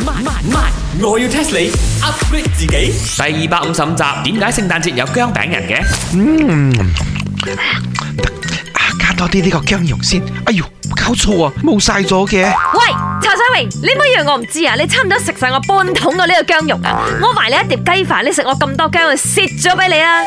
慢慢，我要 test 你，upgrade 自己。第二百五十五集，點解聖誕節有薑餅人嘅？嗯，加多啲呢個薑蓉先。哎呦，搞錯啊，冇晒咗嘅。喂，查世榮，你咪以為我唔知啊！你差唔多食晒我半桶嘅呢個薑肉啊、嗯！我埋你一碟雞飯，你食我咁多薑，蝕咗俾你啊！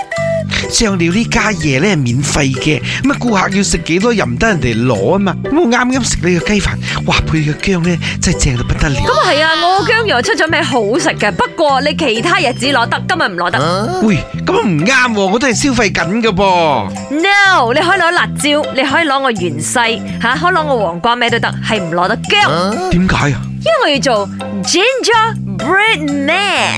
醬料呢家嘢咧係免費嘅，咁啊顧客要食幾多又唔得人哋攞啊嘛，咁我啱啱食你個雞飯，哇配你個姜咧真係正到不得了。咁啊係啊，我姜又出咗咩好食嘅，不過你其他日子攞得，今日唔攞得。喂，咁唔啱，我都係消費緊噶噃。No，你可以攞辣椒，你可以攞個芫茜，吓、啊、可攞個黃瓜咩都得，係唔攞得姜。點解啊？因為我要做 gingerbread man。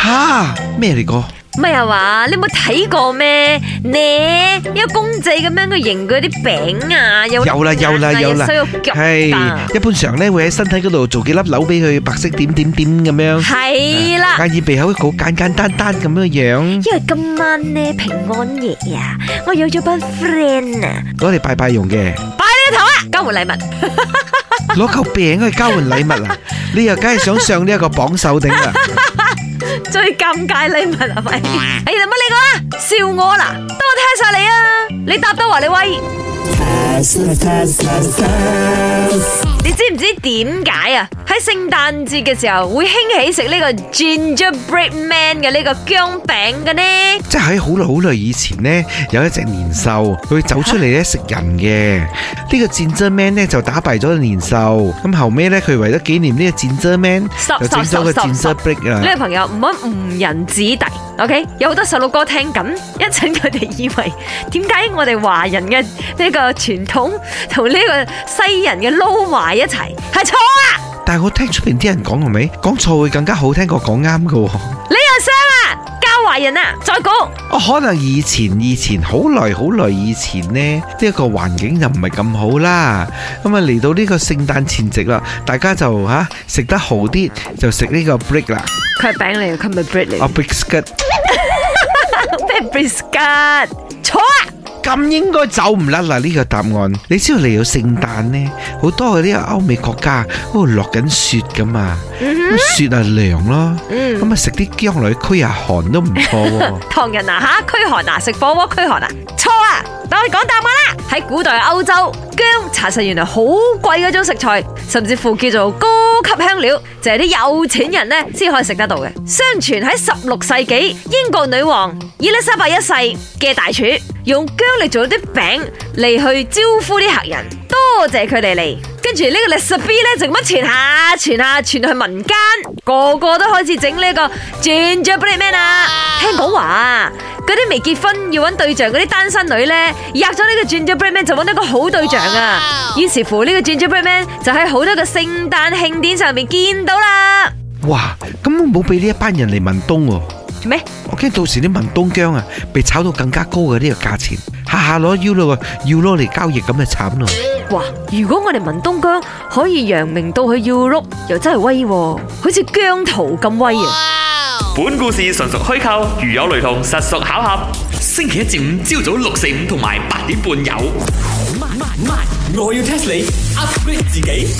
哈咩嚟噶？咩又話？你冇睇過咩？你有公仔咁樣嘅型嗰啲餅啊，有啦，有啦，有啦，係一般常咧會喺身體嗰度做幾粒紐俾佢，白色點點點咁樣。係啦，眼耳鼻口一個簡簡單單咁樣樣。因為今晚咧平安夜呀，我有咗班 friend 啊，攞嚟拜拜用嘅。拜你個頭啊！交換禮物，攞嚿餅去交換禮物啊！你又梗係想上呢一個榜首頂啦？最尷尬禮物係咪？哎，乜你講啊？笑我啦，等我聽晒你啊！你答到話你威。你知唔知點解啊？喺聖誕節嘅時候會興起食呢個 gingerbread man 嘅呢個薑餅嘅呢，即係喺好耐好耐以前咧，有一隻年獸佢會走出嚟咧食人嘅，呢個 ginger man 咧就打敗咗年獸，咁後尾咧佢為咗紀念呢個 ginger man，有戰爭嘅 gingerbread 呢個朋友唔好誤人子弟，OK，有好多細路哥聽緊，一陣佢哋以為點解我哋華人嘅呢個傳統同呢個西人嘅撈埋一齊係錯啊！但係我聽出邊啲人講係咪？講錯會更加好聽過講啱噶。你又聲啦，教壞人啦，再講。我可能以前以前好耐好耐以前呢，呢一個環境就唔係咁好啦。咁啊嚟到呢個聖誕前夕啦，大家就吓食得好啲，就食呢個 break 啦。佢餅嚟嘅，佢咪 break 你。我 break skirt。咩 break skirt？坐。咁應該走唔甩喇。呢、這個答案，你知道嚟到聖誕咧，好多嘅呢個歐美國家都落緊雪噶嘛，mm -hmm. 雪係涼咯，咁啊食啲薑女驅下寒都唔錯。唐人啊吓，驅、啊、寒啊，食火鍋驅寒啊，錯啊，等我哋講答案啦。喺古代歐洲，薑查實原來好貴嗰種食材，甚至乎叫做高級香料，就係、是、啲有錢人咧先可以食得到嘅。相傳喺十六世紀，英國女王伊麗莎白一世嘅大廚。用姜嚟做啲餅嚟去招呼啲客人，多謝佢哋嚟。跟住呢個歷史 B 咧就咁樣傳下傳下傳去民間，個個都開始整呢個 Gingerbread Man 啊聽！聽講話啊，嗰啲未結婚要揾對象嗰啲單身女咧，入咗呢個 Gingerbread Man 就揾到個好對象啊！於、wow! 是乎呢個 Gingerbread Man 就喺好多個聖誕慶典上面見到啦！哇，咁冇俾呢一班人嚟問東喎、啊。咩？我驚到時啲文東薑啊，被炒到更加高嘅呢個價錢，下下攞腰咯，要攞嚟交易咁就慘咯。哇！如果我哋文東薑可以揚名到去要碌，又真係威，好似姜濤咁威啊！本故事純屬虛構，如有雷同，實屬巧合。星期一至五朝早六四五同埋八點半有。邁邁，我要 test 你，upgrade 自己。